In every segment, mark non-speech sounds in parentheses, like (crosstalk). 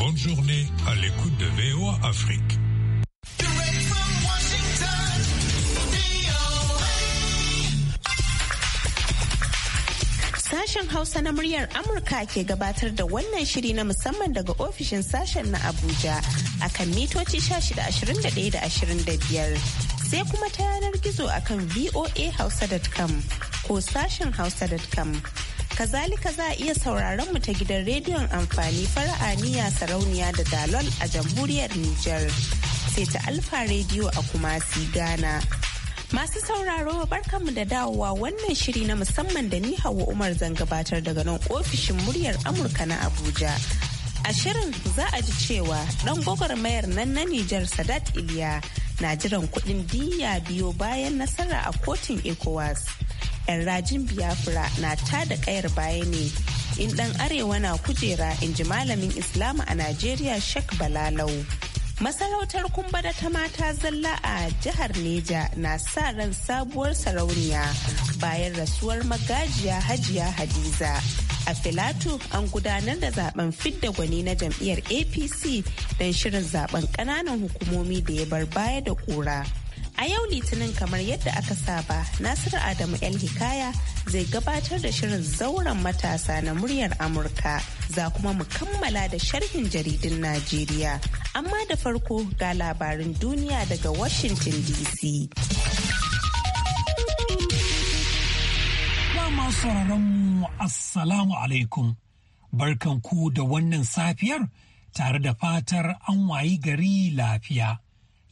Bonne journée à l'écoute de VOA Afrique. Sashen Hausa na muryar Amurka ke gabatar da wannan shiri na musamman daga ofishin sashen na Abuja akan mitoci 1621 da 25 sai kuma ta yanar gizo akan voahausa.com ko sashen hausa.com. Kazalika za a iya sauraron mu ta gidan rediyon amfani fara'a niya sarauniya da dalol a jamhuriyar Nijar. Sai ta Alfa rediyo a Kumasi Ghana. Masu sauraro barkanmu da dawowa wannan shiri na musamman da ni Hauwa Umar zan gabatar daga nan ofishin muryar Amurka na Abuja. A shirin za a ji cewa ɗan gwagwarmayar nan na Nijar Sadat Iliya na jiran kuɗin diya biyo bayan nasara a kotun ECOWAS. 'yan rajin Biafra na ta da kayar baya ne. In ɗan arewa na kujera in ji malamin islamu a Najeriya Sheikh Balalau. Masarautar kumbada ta mata zalla a jihar Neja na sa ran sabuwar sarauniya bayan rasuwar magajiya Hajiya Hadiza. A Filato an gudanar da zaben fidda gwani na jam'iyyar APC don shirin zaben kananan hukumomi da ya bar baya da ƙura. A yau litinin kamar yadda aka saba, Nasiru Adamu El Hikaya zai gabatar da shirin zauren matasa na muryar Amurka. Za kuma mu kammala da sharhin jaridun Najeriya. Amma da farko ga labarin duniya daga Washington DC. mu Assalamu alaikum. Barkanku da wannan safiyar tare da fatar an wayi gari lafiya.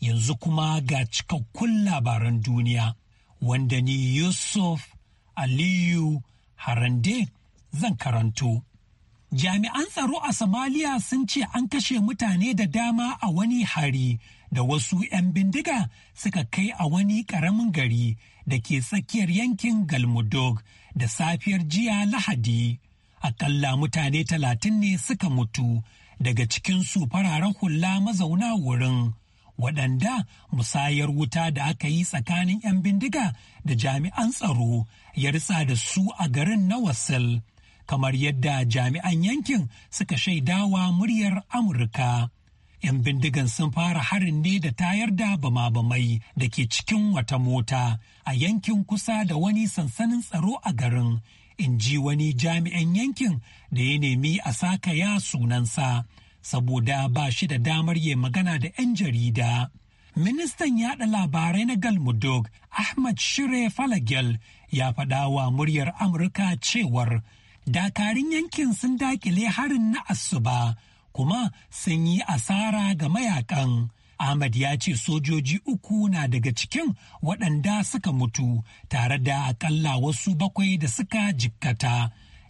yanzu kuma ga cikakkun labaran duniya wanda ni Yusuf Aliyu Harande zan karanto. Jami'an tsaro a Somalia sun ce an kashe mutane da dama a wani hari da wasu 'yan bindiga suka kai a wani ƙaramin gari da ke tsakiyar yankin Galmudog da safiyar jiya Lahadi. Akalla mutane talatin ne suka mutu daga cikin su fararen hula mazauna wurin. waɗanda musayar wuta da aka yi tsakanin 'yan bindiga da jami'an tsaro ya ritsa da su a garin na wasil kamar yadda jami'an yankin suka shaidawa muryar amurka 'yan bindigan sun fara harin ne da tayar da bama-bamai da ke cikin wata mota a yankin kusa da wani sansanin tsaro a garin in ji wani jami'an yankin da ya nemi a sakaya sunansa saboda ba shi da damar ya magana da 'yan jarida. Ministan yada labarai na Galmudug Ahmad Shire Falagel ya faɗa wa muryar Amurka cewar dakarun yankin sun dakile harin na asuba kuma sun yi asara ga mayakan. Ahmad ya ce sojoji uku na daga cikin waɗanda suka mutu tare da akalla wasu bakwai da suka jikkata.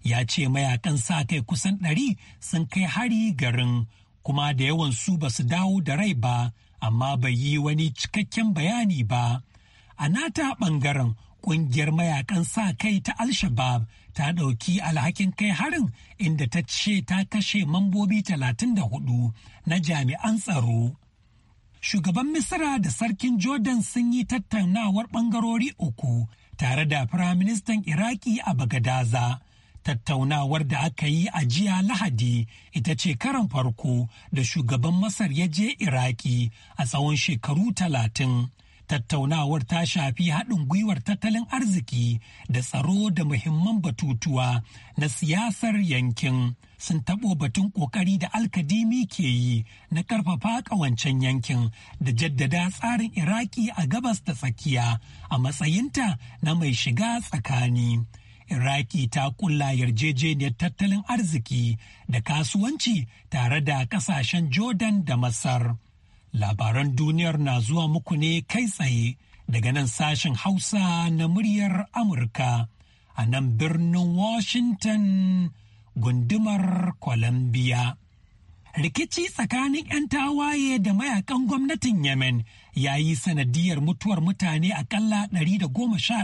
ya ce mayakan sa kai kusan ɗari sun kai hari garin kuma da yawan su ba su dawo da rai ba amma bai yi wani cikakken bayani ba a nata ɓangaren ƙungiyar mayakan sa kai ta al-shabab ta ɗauki alhakin kai harin inda ta ce ta kashe mambobi 34 na jami'an tsaro shugaban misira da sarkin jordan sun yi tattaunawar ɓangarori uku tare da firaministan iraki a bagadaza tattaunawar da aka yi a jiya lahadi ita ce karan farko da shugaban masar ya je iraki a tsawon shekaru talatin tattaunawar ta shafi haɗin gwiwar tattalin arziki da tsaro da muhimman batutuwa na siyasar yankin sun taɓo batun ƙoƙari da alkadimi ke yi na ƙarfafa ƙawancen yankin da jaddada tsarin iraki a gabas da tsakiya a matsayinta na mai shiga tsakani iraki ta kulla yarjejeniyar tattalin arziki da kasuwanci tare da kasashen jordan da masar labaran duniyar na zuwa muku ne kai tsaye daga nan sashen hausa na muryar amurka a nan birnin washington gundumar columbia rikici tsakanin 'yan tawaye da mayakan gwamnatin yemen ya yi sanadiyar mutuwar mutane akalla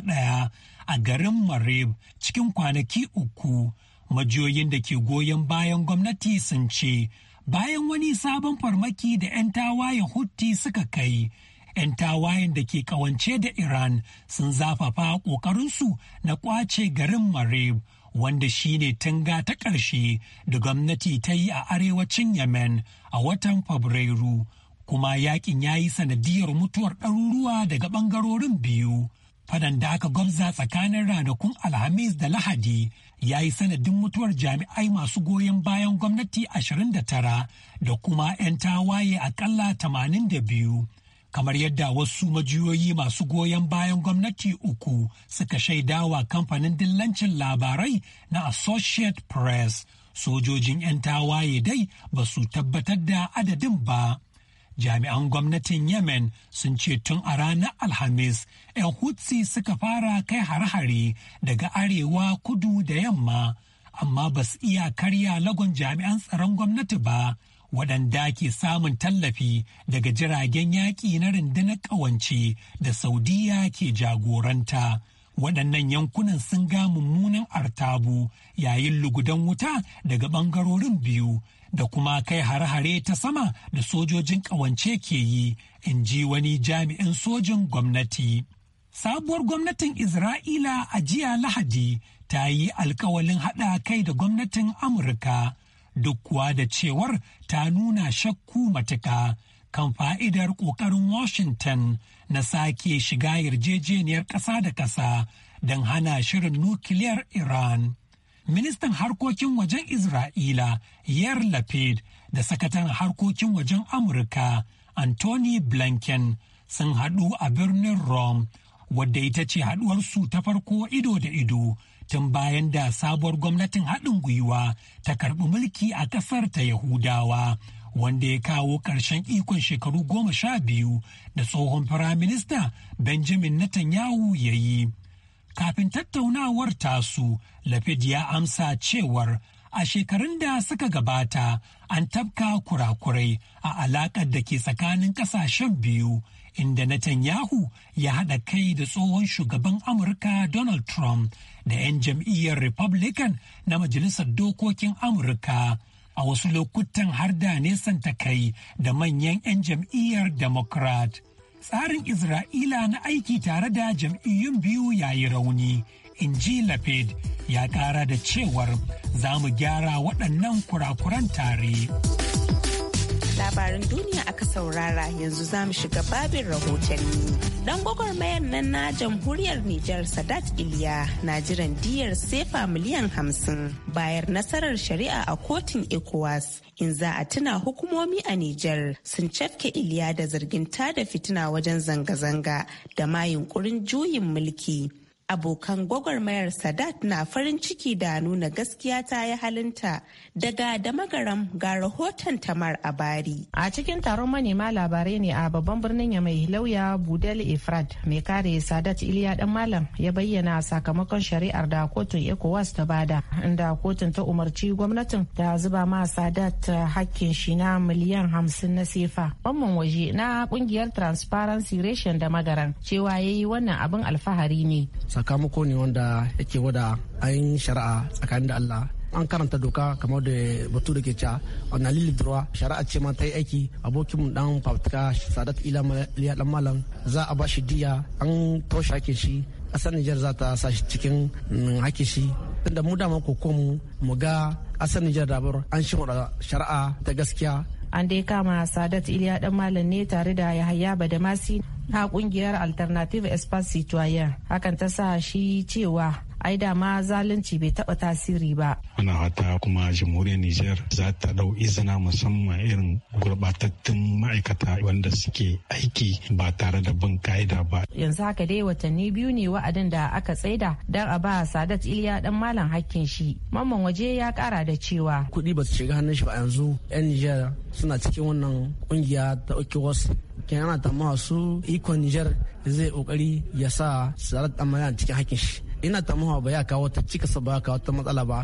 ɗaya. a garin Marib cikin kwanaki uku. Majiyoyin da ke goyon bayan gwamnati sun ce, bayan wani sabon farmaki da 'yan tawayen hutti suka kai, 'yan tawayen da ke kawance da Iran sun zafafa ƙoƙarinsu na ƙwace garin Marib, wanda shi ne tanga ta ƙarshe da gwamnati ta yi a arewacin Yemen a watan Fabrairu, kuma yaƙin ya yi sanadiyar mutuwar ɗaruruwa daga ɓangarorin biyu. fadan da aka gwamza tsakanin ranakun alhamis da lahadi ya yi sanadin mutuwar jami'ai masu goyon bayan gwamnati 29 da kuma 'yan tawaye akalla 82 kamar yadda wasu majiyoyi masu goyon bayan gwamnati uku suka shaidawa kamfanin dillancin labarai na associate press sojojin 'yan tawaye dai ba su tabbatar da adadin ba jami'an gwamnatin yemen sun ce tun a ranar alhamis 'yan hutsi suka fara kai har-hare daga arewa kudu da yamma amma ba su iya karya lagon jami'an tsaron gwamnati ba waɗanda ke samun tallafi daga jiragen yaƙi na rundunar ƙawance da saudiya ke jagoranta waɗannan yankunan sun ga mummunan artabu yayin lugudan wuta daga ɓangarorin biyu da kuma kai hare-hare ta sama da sojojin ƙawance ke yi in ji wani jami'in sojin gwamnati. Sabuwar gwamnatin Isra'ila a jiya Lahadi ta yi alkawalin haɗa kai da gwamnatin Amurka duk kuwa da cewar ta nuna shakku matuka kan fa'idar ƙoƙarin Washington na sake shiga yarjejeniyar ƙasa da ƙasa don hana shirin nukiliyar Iran. ministan harkokin wajen Isra'ila Yair Lapid da sakataren harkokin wajen Amurka Anthony Blinken sun haɗu a birnin Rome wadda ita ce haɗuwarsu ta farko ido da ido tun bayan da sabuwar gwamnatin haɗin gwiwa ta karɓi mulki a ƙasar ta Yahudawa wanda ya kawo ƙarshen ikon shekaru goma sha biyu da tsohon firaminista Benjamin Netanyahu ya yi. kafin tattaunawar tasu lafid ya amsa cewar a shekarun da suka gabata an tabka kurakurai a alaƙar da ke tsakanin ƙasashen biyu inda Netanyahu ya haɗa kai da tsohon shugaban Amurka Donald Trump da 'yan jam'iyyar Republican na Majalisar Dokokin Amurka. A wasu lokutan har da nesanta kai da manyan 'yan jam'iyyar Democrat. tsarin Isra'ila na aiki tare da jam'iyyun biyu yayi rauni, in ji Lapid ya ƙara da cewar za mu gyara waɗannan kurakuran tare. Labarin duniya aka saurara yanzu za mu shiga babin rahotanni. dan gwagwarmayar nan na jamhuriyar Nijar Sadat Iliya na jiran diyar sefa miliyan hamsin bayar nasarar shari'a a kotun ECOWAS in za a tuna hukumomi a Nijar sun cafke Iliya da zargin tada fitina wajen zanga-zanga da ma yunkurin juyin mulki. abokan gwagwarmayar sadat na farin ciki da nuna gaskiya ta yi halinta daga da magaram ga rahoton tamar a bari a cikin taron manema labarai ne a babban birnin ya mai lauya budel efrad mai kare sadat iliya dan malam ya bayyana sakamakon shari'ar da kotun ecowas ta bada inda kotun ta umarci gwamnatin ta zuba ma sadat hakkin shi na miliyan hamsin na sefa bamman waje na kungiyar transparency reshen da magaran cewa ya yi wannan abin alfahari ne sakamako ne wanda yake wada ayin shari'a tsakanin da Allah an karanta doka kamar da batu da ke ca on lili durwa shari'a ce ma ta yi aiki abokin mu dan fafutuka sadat ila liya dan malam za a ba shi diya an toshe hakin shi ƙasar Nijar za ta sa shi cikin mm, hake shi tunda mu dama ko mu mu ga ƙasar Nijar dabar an shi shari'a ta gaskiya an dai kama sadat iliya dan malam ne tare da yahaya badamasi na kungiyar alternative espace citoyen hakan ta sa shi cewa ai da ma zalunci bai taba tasiri ba. Ana hata kuma jamhuriyar Nijar za ta dau izina musamman irin gurɓatattun ma'aikata wanda suke aiki ba tare da bin ka'ida ba. Yanzu haka dai watanni biyu ne wa'adin da aka tsaida don a ba Sadat Iliya dan malam hakkin shi. Mamman waje ya kara da cewa. Kuɗi ba su shiga hannun shi ba yanzu 'yan Nijar suna cikin wannan ƙungiya ta OKWAS yana ta tamawa su ikon Nijar zai kokari ya sa tsarar amana cikin hakin shi ina tamawa ba ya kawo ta cika ba ya kawo ta matsala ba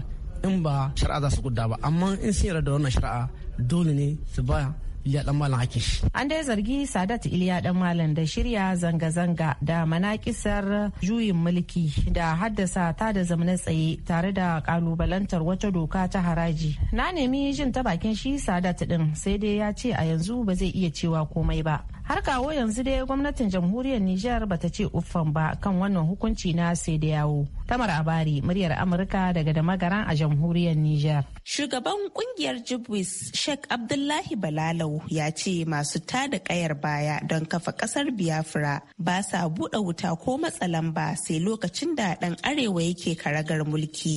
in ba shari'a za su gudda ba amma in sun yarda da wannan shari'a dole ne su baya. Iliya dan malam ake shi. An dai zargi Sadat Iliya dan malam da shirya zanga-zanga da manakisar juyin mulki da haddasa ta da zamana tsaye tare da kalubalantar wata doka ta haraji. Na nemi jin ta bakin shi Sadat din sai dai ya ce a yanzu ba zai iya cewa komai ba. har kawo yanzu dai gwamnatin jamhuriyar nijar bata ce uffan ba kan wannan hukunci na sai da yawo tamar abari muryar amurka daga da magaran a jamhuriyar nijar shugaban kungiyar jibwis sheikh abdullahi balalau ya ce masu tada kayar baya don kafa kasar biafra ba sa buɗe wuta ko matsalan ba sai lokacin da ɗan arewa yake karagar mulki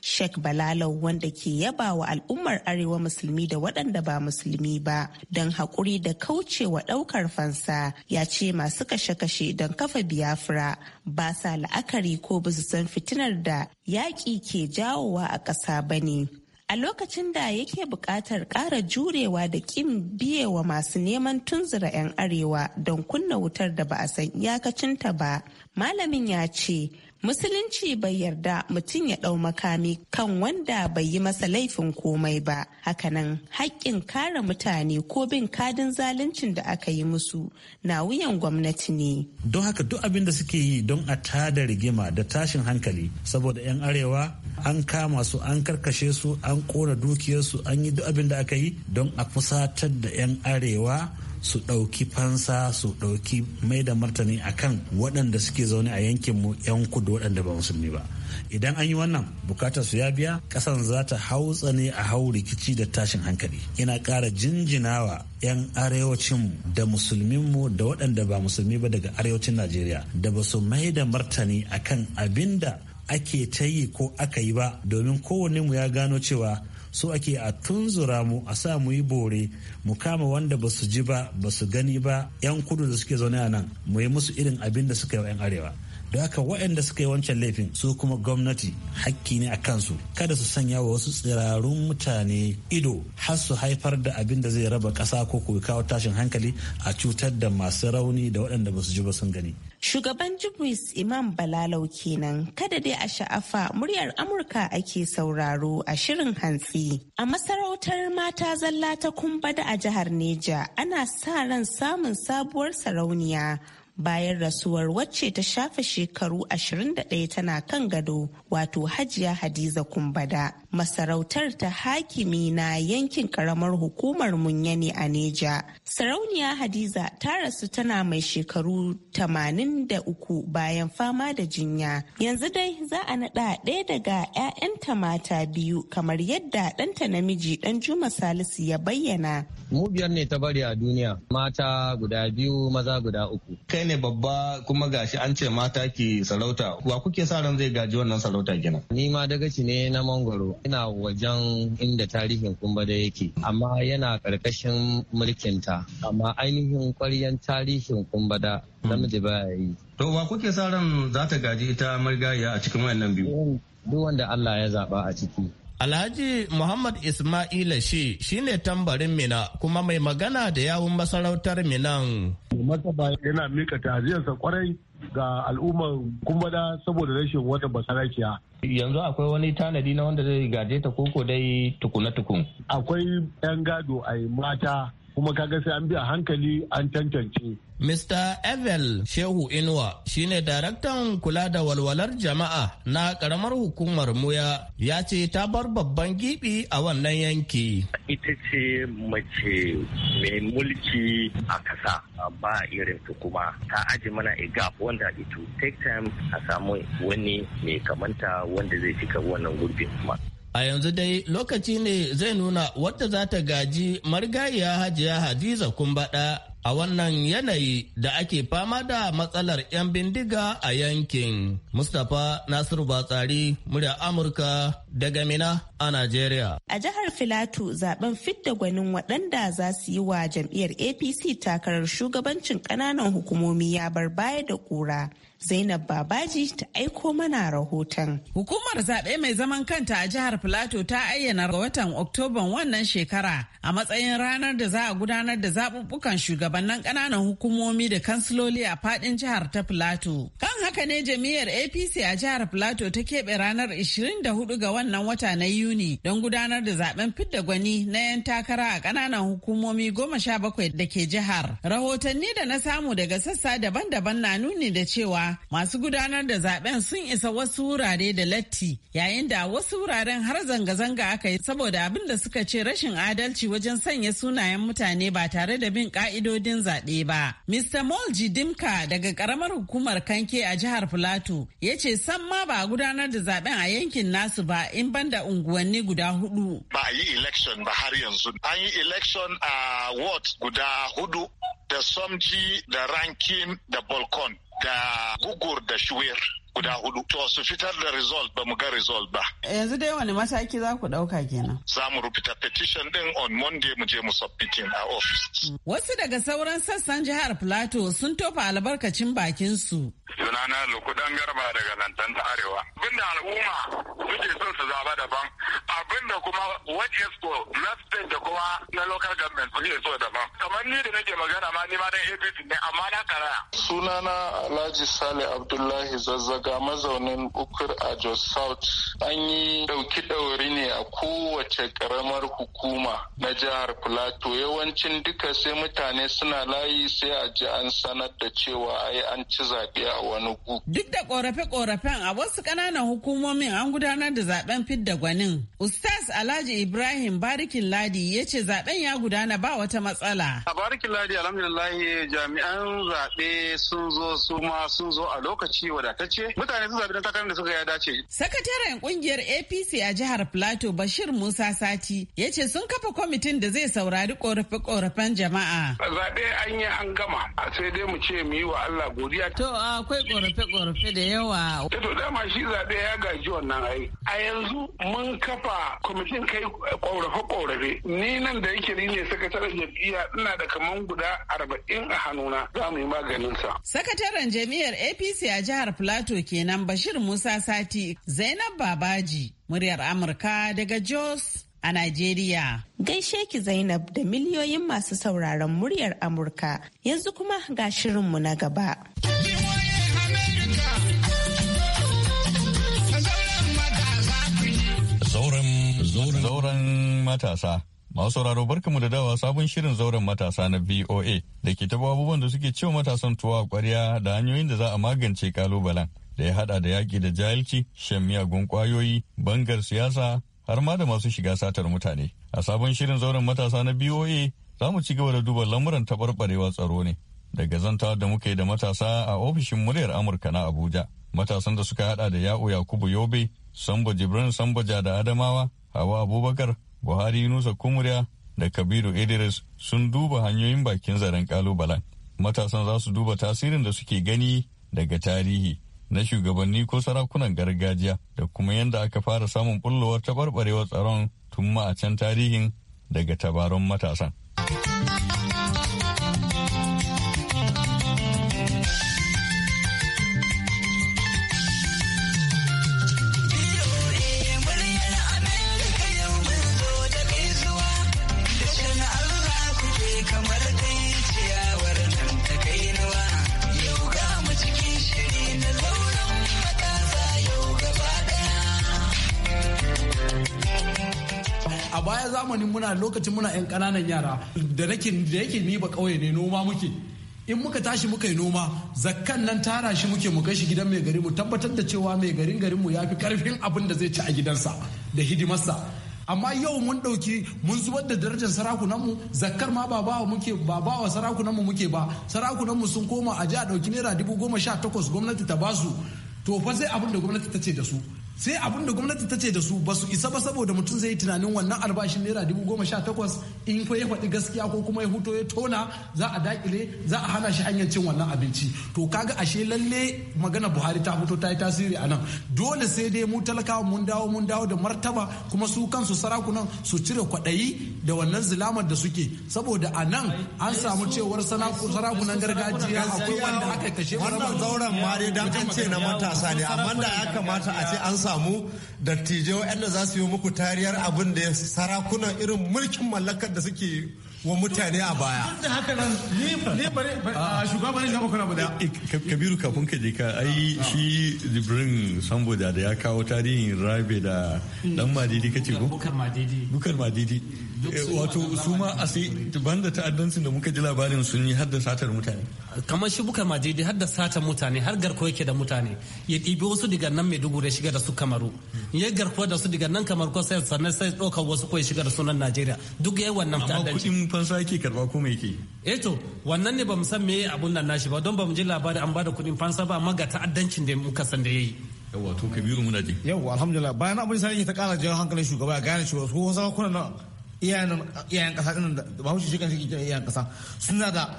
Sheikh Balalau wanda ke yaba wa al'ummar Arewa musulmi da waɗanda ba musulmi ba don haƙuri da kaucewa ɗaukar fansa ya ce masu kashe-kashe don kafa Biafra ba sa la'akari ko ba san fitinar da yaƙi ke jawowa a ƙasa ba ne. a lokacin da yake buƙatar ƙara jurewa da ƙin biye wa masu neman tunzura 'yan arewa don kunna wutar da ba a san iyakacinta ba malamin ya ce Musulunci bai yarda mutum ya ɗau makami kan wanda bai yi masa laifin komai ba. Hakanan haƙƙin kare mutane ko bin kadin zaluncin da aka yi musu na wuyan gwamnati ne. Don haka duk abin da suke yi don a tada rigima da tashin hankali saboda 'yan arewa an kama su an karkashe su an kora dukiyarsu an yi duk abin da aka yi don a fusatar da 'yan arewa su ɗauki fansa su ɗauki mai da martani akan waɗanda suke zaune a yankinmu mu 'yan kudu waɗanda ba musulmi ba idan an yi wannan bukatar su ya biya ƙasan za ta hautsa ne a hau rikici da tashin hankali ina ƙara jinjinawa 'yan arewacin da musulminmu da waɗanda ba musulmi ba daga arewacin najeriya da ba su mai da martani akan abinda ake ta yi ko aka yi ba domin kowanne mu ya gano cewa so ake a tunzura mu a sa mu yi bore mu kama wanda ba su ji ba ba su gani ba yan kudu da suke zaune a nan mu yi musu irin abin da suka yi wa yan arewa da haka waɗanda suka yi wancan laifin su kuma gwamnati hakki ne a kansu kada su sanya wa wasu tsirarun mutane ido har su haifar da abin da zai raba ƙasa ko kawo tashin hankali a cutar da masu rauni da waɗanda ba su ji ba sun gani Shugaban Jibris Imam Balalau kenan kada dai a sha'afa muryar Amurka ake sauraro a shirin hantsi. A masarautar mata zalla ta kumbada a jihar Neja ana sa ran samun sabuwar sarauniya. bayan rasuwar wacce ta shafe shekaru 21 tana kan gado wato hajiya hadiza kumbada masarautar ta hakimi na yankin karamar hukumar munyani a neja sarauniya hadiza ta rasu tana mai shekaru 83 bayan fama da jinya yanzu dai za a naɗa ɗaya daga 'ya'yanta mata biyu kamar yadda ɗanta namiji ɗan juma salisu ya bayyana mu biyar ne ta bari a duniya mata guda biyu maza guda uku ne babba kuma gashi an ce mata ke sarauta wa kuke sa ran zai gaji wannan sarauta gina ni ma dagaci ne na mangoro ina wajen inda tarihin kumba da yake amma yana karkashin mulkinta amma ainihin kwaryan tarihin kumba da namiji hmm. ba yi to wa kuke sa ran za ta gaji ita marigayya a cikin wannan biyu duk wanda Allah ya zaba a ciki Alhaji Muhammad Ismaila shi shine tambarin Mina kuma mai magana da yawun masarautar Minan. Martaba yana mika ta'aziyarsa kwarai ga al'ummar kumbada saboda rashin wata basarakiya. Yanzu akwai wani tanadi na wanda zai gaje ta koko dai tukuna tukun. Akwai 'yan gado a mata kuma kaga sai an bi a hankali an tantance. Mr. Evel Shehu Inuwa shine daraktan kula da walwalar jama'a na karamar hukumar Muya ya ce ta bar babban gibi a wannan yanki. Ita ce mace mai mulki a kasa ba irin ta kuma ta aji mana igap wanda it take time a samu wani mai kamanta wanda zai cika wannan gurbin kuma. A yanzu dai lokaci ne zai nuna wadda za ta gaji marigayiya hajiya Hadiza Kumbada a wannan yanayi da ake fama da matsalar 'yan bindiga a yankin. Mustapha Nasiru Batsari, murya Amurka daga Mina a Najeriya. A jihar Filato zaben fidda gwanin waɗanda za su yi wa jam'iyyar APC takarar shugabancin ƙananan hukumomi ya bar baya da ƙura. Zainab Babaji ta aiko mana rahoton. Hukumar zaɓe mai zaman kanta a jihar Filato ta ayyana ga watan Oktoban wannan shekara a matsayin ranar da za a gudanar da zaɓuɓɓukan shugabannin ƙananan hukumomi da kansiloli a faɗin jihar ta Filato. Kan haka ne jami'ar APC a jihar Filato ta keɓe ranar 24 ga wannan wata na Yuni don gudanar da zaben fidda gwani na 'yan takara a kananan hukumomi goma sha bakwai da ke jihar. Rahotanni da na samu daga sassa daban-daban na nuni da cewa masu gudanar da zaben sun isa wasu wurare da latti yayin da wasu wuraren har zanga-zanga aka yi saboda abin da suka ce rashin adalci wajen sanya sunayen mutane ba tare da bin ka'idodin zaɓe ba. Mr. Molji Dimka daga karamar hukumar Kanke a jihar Filato ya ce san ma ba gudanar da zaben a yankin nasu ba in banda unguwanni guda hudu. Ba a yi election ba har yanzu. An yi election a ward guda hudu da Somji da Rankin da Balkon da Gugur da Shuwer. guda hudu to su fitar da result ba mu ga result ba yanzu dai wani mataki za ku dauka kenan za mu rubuta petition din on monday mu je mu submitin a office wasu daga sauran sassan jihar plateau sun tofa albarkacin bakin su sunana lukudan garba daga lantan ta arewa abinda al'umma suke son su zaba daban abinda kuma what is for na state da kuma na local government suke so daban kamar ni da nake magana ma ni ma dan apc ne amma na karaya sunana alhaji sale abdullahi zazzag ga mazaunin bukur a Jos South an yi ɗauki ɗauri ne a kowace ƙaramar hukuma na jihar Plateau yawancin duka sai mutane suna layi sai a ji an sanar da cewa ai an ci zaɓe a wani gu. Duk da korafe-korafen a wasu ƙananan hukumomin an gudanar da zaben fidda gwanin. Ustaz Alhaji Ibrahim Barikin Ladi ya ce zaben ya gudana ba wata matsala. A Barikin Ladi alhamdulillah jami'an zaɓe sun zo su ma sun zo a lokaci wadatacce mutane sun zaɓi dan takarar da suka ya dace. Sakataren kungiyar APC a jihar Plateau Bashir Musa Sati ya ce sun kafa kwamitin da zai saurari korafe-korafen jama'a. Zaɓe an yi an gama sai dai mu ce mu yi wa Allah godiya. To akwai korafe-korafe da yawa. Eh to dama shi zaɓe ya gaji wannan ai. A yanzu mun kafa kwamitin kai korafe-korafe. Ni nan da yake ni ne sakataren jam'iyya ina da kaman guda arba'in a hannuna za mu yi maganinsa. Sakataren jam'iyyar APC a jihar Plateau kenan Bashir Musa Sati Zainab Babaji muryar Amurka daga Jos a Najeriya. Gaishe ki Zainab da miliyoyin masu sauraron muryar Amurka yanzu kuma ga shirinmu na gaba. Zauren matasa. Masu sauraro barkamu da dawa sabon shirin zauren matasa na VOA da ke taba abubuwan da suke cewa matasan tuwa a kwarya da hanyoyin da za a magance kalubalen. da ya hada da yaƙi da jahilci shan miyagun kwayoyi bangar siyasa har ma da masu shiga satar mutane a sabon shirin zauren matasa na boa za mu ci gaba da duba lamuran taɓarɓarewa tsaro ne daga zantawa da muka yi da matasa a ofishin muryar amurka na abuja matasan da suka hada da ya'u yakubu yobe sambo jibrin sambaja da adamawa hawa abubakar buhari yunusa kumuriya da kabiru idris sun duba hanyoyin bakin zaren kalubalen matasan za su duba tasirin da suke gani daga tarihi na shugabanni ko sarakunan gargajiya da kuma yadda aka fara samun bullowar taɓarɓarewar tsaron tun ma a can tarihin daga tabaron matasan. lokacin muna yan ƙananan yara da nake da yake ni ba ƙauye ne noma muke in muka tashi muka yi noma zakkan nan tara shi muke mu kai shi gidan mai gari mu tabbatar da cewa mai garin garinmu ya fi karfin abin da zai ci a gidansa da hidimarsa amma yau mun dauki mun zubar da darajar sarakunanmu zakkar ma ba wa muke ba sarakunan sarakunanmu muke ba sarakunanmu sun koma a ji a ɗauki naira dubu goma sha takwas gwamnati ta basu to fa sai abin da gwamnati ta ce da su sai abin da gwamnati ta ce da su ba su isa ba saboda mutum zai yi tunanin wannan albashin naira dubu goma sha takwas in ko ya faɗi gaskiya ko kuma ya huto ya tona za a daƙile za a hana shi hanyar cin wannan abinci to kaga ashe lalle magana buhari ta fito ta yi tasiri a nan dole sai dai mu talakawa mun dawo mun dawo da martaba kuma su kansu sarakunan su cire kwaɗayi da wannan zilamar da suke saboda a nan an samu cewar sarakunan gargajiya akwai wanda aka kashe wannan zauren ma dai dan an ce na matasa ne amma da ya kamata a ce an samu dattijai waɗanda za su yi muku tariyar abin da sarakuna irin mulkin mallakar da suke wa mutane a baya. Duk da haka nan ne bari shugaban kuna guda. Kabiru kafin ka je ka ai shi Jibrin Samboda da ya kawo tarihin Rabe da hmm. dan Madidi ce ko? Bukar Madidi. Bukar Madidi. Eh, wato su ma a sai da ta'addancin da muka ji labarin sun yi hadda satar mutane kamar shi buka majidi hadda satar mutane har garko yake da mutane ya ɗibi wasu daga nan mai dubu da shiga da su kamaru ya garko da su daga nan kamar ko sai sannan sai ɗaukar wasu ko ya shiga da sunan najeriya duk ya yi wannan ta'addanci amma kuɗin fansa yake karba ko mai yake eh to wannan ne bamu san meye abun nan nashi ba don bamu ji labarin an bada kuɗin fansa ba amma ga ta'addancin da muka san da yayi yawwa to kabiru muna ji yawwa alhamdulillah bayan abin sai ta kara jawo hankalin shugaba ya gane cewa su wasu kuna nan iyayen kasa ɗin da ba shi kan shi iyayen kasa suna da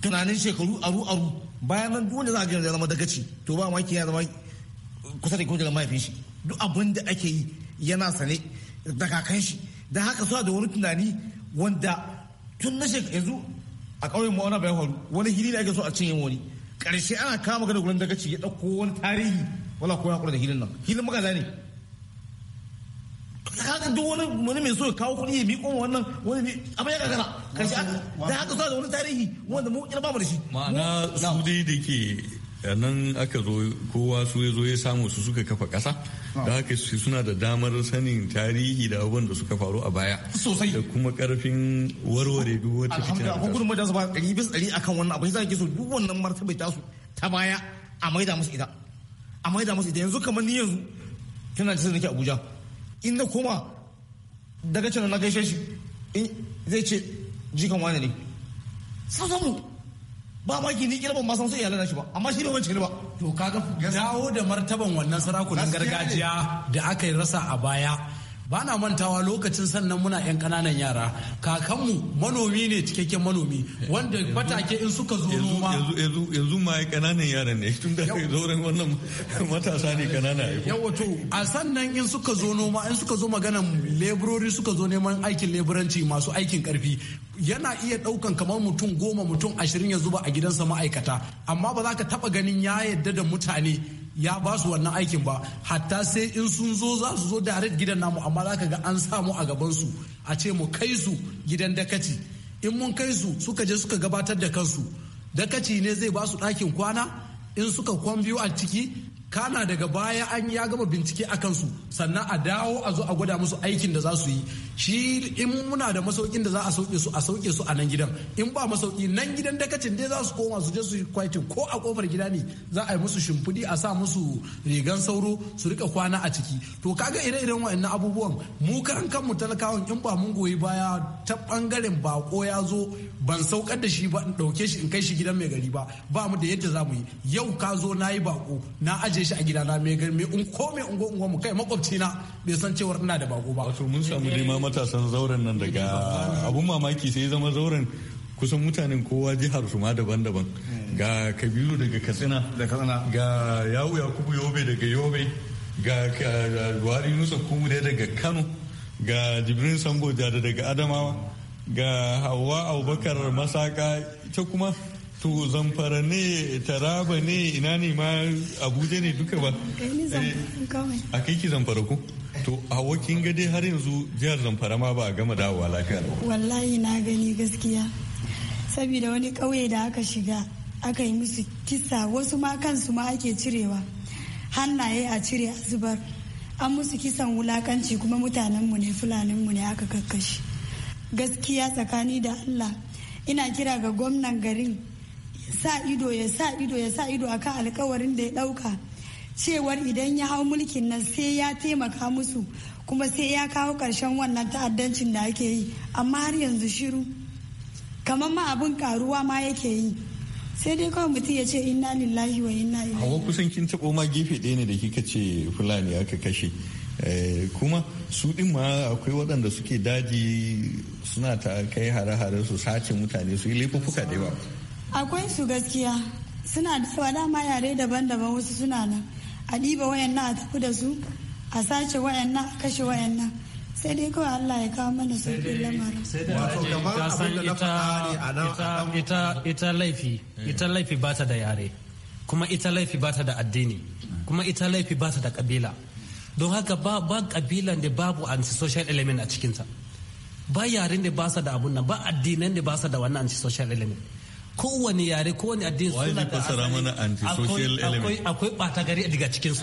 tunanin shekaru aru aru bayan nan duk wanda za a gina zama dagaci to ba ma kiyaye zama kusa da kuma da mahaifin shi duk abin da ake yi yana sane da kakan shi da haka suna da wani tunani wanda tun na shekaru yanzu a ƙauyen mu wani bayan faru wani hili da ake so a cinye wani ƙarshe ana kama ga da gurin dagaci ya ɗauko wani tarihi wala ko ya kula da hilin nan hilin magaza ne kaga duk wani wani mai so ya kawo kuɗi ya miƙo kuma wannan wani ne abin ya kakara karshe da haka sa da wani tarihi wanda mu ina bamu da shi ma'ana su dai da ke nan aka zo kowa su ya zo ya samu su suka kafa ƙasa da haka suna da damar sanin tarihi da abubuwan da suka faru a baya sosai da kuma karfin warware duk wata fitina alhamdulillah gudun majalisa ba ɗari bis ɗari akan wannan abu yasa ke so duk wannan martaba ta su ta baya a maida musu ita a maida musu ita yanzu kamar ni yanzu kina ce nake Abuja in na koma daga can na gaishe shi zai ce jikan wani ne sun ba ma ki ni kirban ma san sai iyalan shi ba amma shi ne wani cikin ba to kaga dawo da martaban wannan sarakunan gargajiya da aka yi rasa a baya ba na mantawa lokacin sannan muna 'yan kananan yara kakanmu manomi ne cikakken manomi wanda fatake in suka zo noma yanzu ma kananan yara ne tun da (laughs) zauren wannan matasa ne kanana yawa to a sannan in suka zo noma in suka zo maganan leburori suka zo neman aikin leburanci masu aikin karfi yana iya daukan kamar mutum goma mutum ashirin ya zuba a gidansa ma'aikata amma ba za ka taba ganin ya yadda da mutane ya ba su wannan aikin ba hatta sai in sun zo za su zo direct gidan namu amma za ka ga an samu a gaban su a ce mu kai su gidan dakaci in mun kai su suka je suka gabatar da kansu dakaci ne zai ba su ɗakin kwana in suka kwan biyu a ciki kana daga baya an ya gama bincike a kansu sannan a dawo a zo a gwada musu aikin da za su yi shi in muna da masaukin da za a sauke su a sauke su a nan gidan in ba masauki nan gidan dakacin dai za su koma su je su yi kwaitin ko a kofar gida ne za a yi musu shimfiɗi a sa musu rigan sauro su rika kwana a ciki to kaga ire-iren wa'annan abubuwan mu karan kanmu talakawan in ba mun goyi baya ta bangaren bako ya zo ban saukar da shi ba in ɗauke shi in kai shi gidan mai gari ba ba mu da yadda za mu yi yau ka zo na yi bako na aje shi a gidana me gani mai unko me ungo ungo mu kai makwabci na bai san cewar ina da bako ba wato mun samu dai ma matasan zauren nan daga abun mamaki sai zama zauren kusan mutanen kowa jihar su ma daban-daban ga kabiru daga katsina da katsina ga yawu yakubu yobe daga yobe ga buhari nusa kuma daga kano ga jibrin sango jada daga adamawa ga hawa abubakar masaka ita kuma to zamfara ne taraba ne ina ne ma abuja ne duka ba eh, a kai ki zamfara ku to a wakin gade har yanzu jihar zamfara ma ba a gama dawowa lafiya wallahi na gani gaskiya saboda wani kauye da aka shiga aka yi musu kisa wasu ma kansu ma ake cirewa hannaye a cire a zubar an musu kisan wulakanci kuma mutanenmu ne fulaninmu ne aka kakkashi gaskiya tsakani da allah ina kira ga gwamnan garin sa ido ya sa ido ya sa ido akan alkawarin da ya dauka cewar idan ya hau mulkin nan sai ya taimaka musu kuma sai ya kawo karshen wannan ta'addancin da ake yi amma har yanzu shiru kamar ma abin karuwa ma yake yi sai dai kawai mutum ya ce inna lillahi wa inna ilaihi a kusan kin tabo ma gefe ɗaya ne da kika ce fulani aka kashe eh, kuma su din ma akwai waɗanda suke daji suna ta kai hare-hare su sace mutane su yi laifuffuka da yawa akwai su gaskiya suna da yawa dama yare daban-daban wasu suna nan a ɗiba na a tafi da su a sace wayannan a kashe na sai dai kawai Allah ya kawo mana sauƙi lamarin. Wato kamar abin da na faɗa ne a Ita ita laifi eh. ita laifi ba ta da yare kuma ita laifi ba ta da addini kuma ita laifi ba ta da kabila don haka ba ba kabilan da babu anti-social element a cikinta ba yaren da ba sa da abun nan ba addinan da ba sa da wannan anti-social element. kowane yare kowane addini suna da asali akwai bata gari daga cikinsu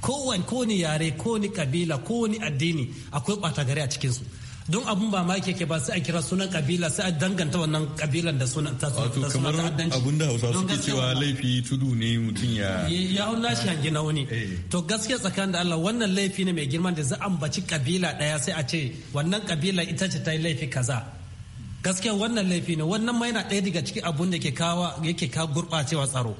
kowane kowane yare kowane kabila kowane addini akwai bata gari a cikinsu don abun ba ma keke ba sai a kira sunan kabila sai a danganta wannan kabilan da sunan ta wato kamar abun da hausa suke cewa laifi tudu ne mutum ya ya hau nashi hangi na wani eh. to gaskiya tsakanin da Allah wannan laifi ne mai girman da za ambaci kabila daya sai a ce wannan kabila ita ce ta yi laifi kaza gaskiya wannan laifi ne wannan ma yana ɗaya daga cikin abun da ke kawo yake ka gurɓacewa tsaro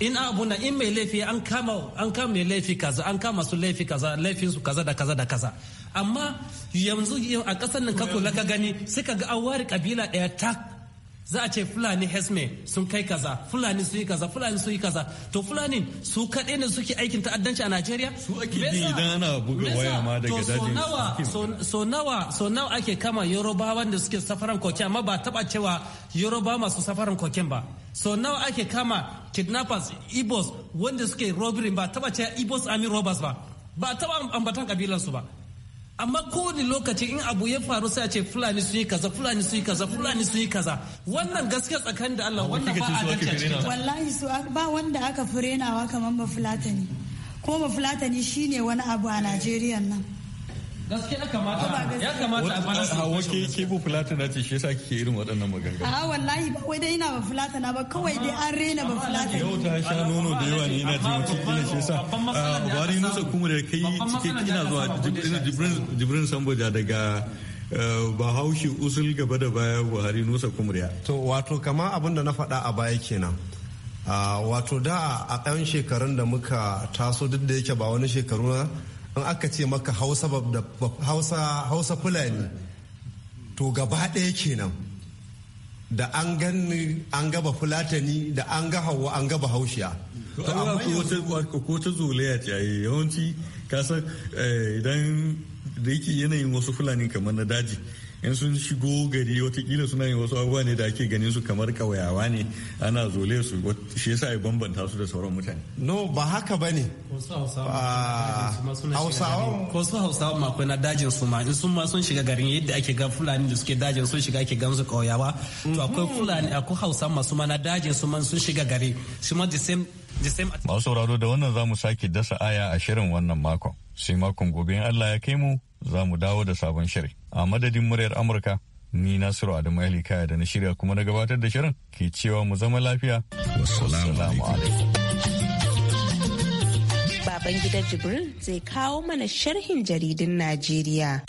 in abun in mai laifi an kama an kama mai laifi kaza an kama su laifi kaza laifin su kaza da kaza da kaza amma yanzu a ƙasar nan ka kula ka gani suka ga an ware kabila ɗaya ta za a ce fulani hesme sun kai kaza fulani sun yi kaza fulani sun yi kaza to fulani su kaɗai ne suke aikin ta'addanci a najeriya su ake bi idan ana buga waya ma daga dajin so nawa so nawa ake kama yorubawan da suke safaran koke amma ba taba cewa yoruba masu safaran koken ba so nawa ake kama kidnappers ibos wanda suke robbery ba taba cewa ibos army robbers ba ba taba ambatan kabilansu ba amma kowane lokaci in abu ya faru sai a ce fulani sun yi kaza fulani sun yi kaza fulani sun yi kaza wannan gaskiya tsakanin da Allah wanda ba adalci wallahi su ba wanda aka furenawa kamar ba fulatani ko ba fulatani shine wani abu a Najeriya nan gaskiya kamata ya kamata a mana hawa ke ke bu fulatana ce shi yasa kike irin waɗannan maganganu a wallahi ba wai dai ina ba fulatana ba kawai dai an rena ba fulatana yau ta sha nono da yawa ne ina ji mutum ina shi yasa bari ah, nusa kuma da kai cike ina zuwa jibrin samboja daga eh, bahaushe usul gaba da baya buhari nusa kumriya to wato kama abin da na faɗa a baya kenan ah, wato da a ɗan shekarun da muka taso duk da yake ba wani shekaru na in aka ce maka hausa hausa fulani to gaba ɗaya kenan da an gani an gaba fulatani da an ga hawa an gaba haushiya to amma ko ta zolaya ce yawanci kasan eh, idan da yake yanayin wasu fulani kamar na daji in sun shigo gari watakila suna yin wasu abubuwa ne da ake ganin su kamar kauyawa ne ana zole su shi yasa ya bambanta su da sauran mutane no ba haka ba ne ah, hausawa ko su hausawa ma na dajin su ma in sun ma sun shiga garin yadda ake gan fulani da suke dajin sun shiga ake gansu kauyawa to akwai mhm. fulani akwai hausa masu ma na dajin su ma sun shiga gari su ma the same Masu sauraro da wannan za mu sake dasa aya a shirin wannan makon. sai makon gobe in Allah ya kai mu za mu dawo da sabon shirin. A madadin muryar Amurka, ni Nasiru Adamu Ali Kaya da na shirya kuma na gabatar da shirin ke cewa mu zama lafiya. Wassalamu alaikum. Baban gidan Jibril zai kawo mana sharhin jaridun Najeriya.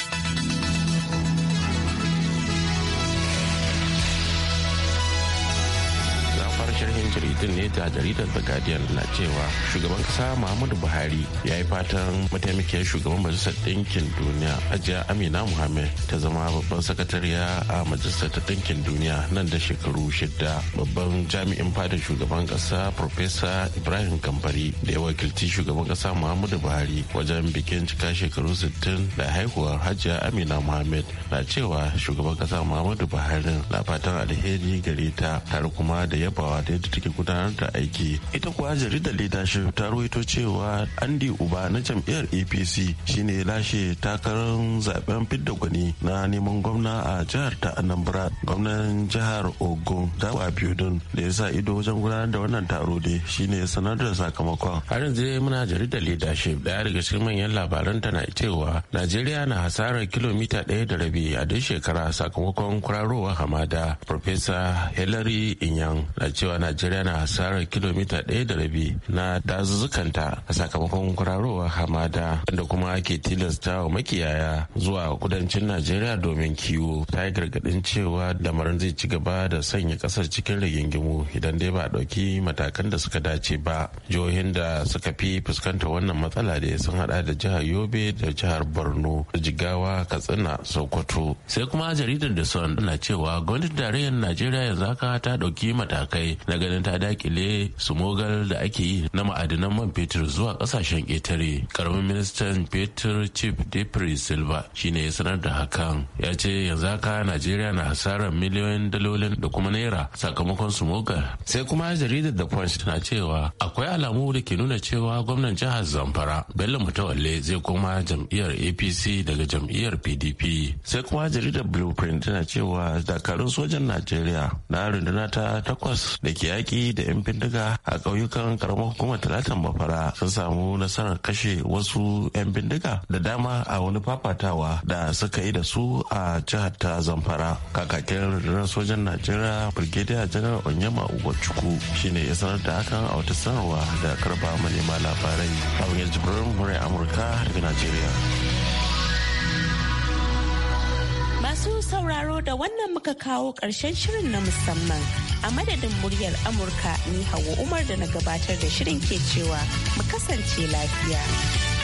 kafar sharhin jaridun ne ta jaridar the guardian na cewa shugaban kasa muhammadu buhari ya yi fatan mataimakiyar shugaban majalisar ɗinkin duniya ajiya amina muhammad ta zama babban sakatariya a majalisar ta ɗinkin duniya nan da shekaru shidda. babban jami'in fadar shugaban kasa profesa ibrahim Kambari, da ya wakilci shugaban kasa muhammadu buhari wajen bikin cika shekaru sittin, da haihuwar hajiya amina muhammad na cewa shugaban kasa muhammadu buhari na fatan alheri gare ta tare kuma da yaba kulawa da yadda take gudanar da aiki ita kuwa jaridar leadership ta ruwaito cewa andy uba na jam'iyyar apc shine ya lashe takarar zaben fidda gwani na neman gwamna a jihar ta anambra gwamnan jihar ogun dawa biyudun da ya sa ido wajen gudanar da wannan taro dai shine ya sanar da sakamakon har yanzu muna jaridar leadership daya daga cikin manyan labaran na cewa najeriya na hasarar kilomita ɗaya da rabi a duk shekara sakamakon kurarowar hamada professor hillary inyan na cewa najeriya na hasarar kilomita ɗaya da rabi na dazuzzukanta a sakamakon kwararowar hamada da kuma ake tilasta wa makiyaya zuwa kudancin najeriya domin kiwo ta yi gargaɗin cewa lamarin zai ci gaba da sanya ƙasar cikin rigingimu idan dai ba a ɗauki matakan da suka dace ba jihohin da suka fi fuskanta wannan matsala da sun haɗa da jihar yobe da jihar borno da jigawa katsina sokoto sai kuma jaridar da son na cewa gwamnatin tarayyar najeriya yanzu haka ta ɗauki matakai kawai na ganin ta dakile su mogal da ake yi na ma'adinan man fetur zuwa kasashen ƙetare karamin ministan fetur chief depri silva shine ya sanar da hakan ya ce yanzu haka najeriya na hasarar miliyoyin dalolin da kuma naira sakamakon su mogal sai kuma jaridar da punch na cewa akwai alamu da ke nuna cewa gwamnan jihar zamfara bello mutawalle zai koma jam'iyyar apc daga jam'iyyar pdp sai kuma jaridar blueprint tana cewa dakarun sojan najeriya na runduna ta takwas da ke yaƙi da 'yan bindiga a ƙauyukan karamar hukumar talatin mafara sun samu nasarar kashe wasu 'yan bindiga da dama a wani fafatawa da suka yi da su a jihar ta zamfara kakakin rundunar sojan najeriya brigadier general onyema ugochukwu shine ya sanar da hakan a wata sanarwa da karba manema labarai a wajen jibirin murai amurka daga najeriya masu sauraro da wannan muka kawo ƙarshen shirin na musamman. A madadin muryar Amurka ni Hauwa Umar da na gabatar da shirin ke cewa mu kasance lafiya.